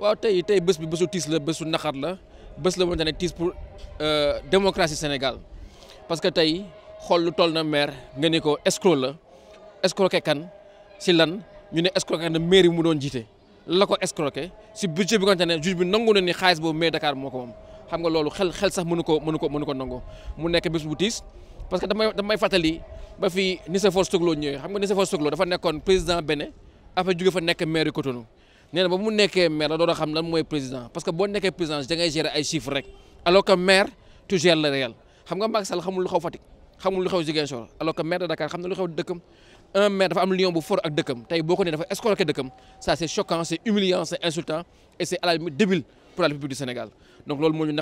waaw tey tey bés bi bésu tiis la bésu naxar la bés la wante ne tiis pour euh, démocratie Sénégal parce que tey xool lu toll na maire nga ni ko escroc la escroqué kan si lan ñu ne escroqué na maire yi mu doon jiite la ko escroqué si budget bi nga xamante ne juge bi nangu na ni xaalis boobu maire Dakar moo ko moom xam nga loolu xel xel sax mënu ko mënu ko mënu ko nangu mu nekk bés bu tiis parce que damay damay fàttali ba fii Nicéphore Soglo ñëwee xam nga Nicéphore Soglo dafa nekkoon président Bénin après jóge fa nekk maire Cotonou nee na ba mu nekkee maire la doon xam lan mooy président parce que boo nekkee président da ngay gérer ay chiffres rek alors que maire tu gères le réel xam nga Macky Sall xamul lu xew Fatick xamul lu xew Ziguinchor alors que maire de Dakar xam na lu xew dëkkam un maire dafa am lion bu fort ak dëkkam tey boo ko nee dafa escroquer dëkkam ça c' est choquant humiliant c' insultant et c' est à la limite débile pour la du Sénégal donc loolu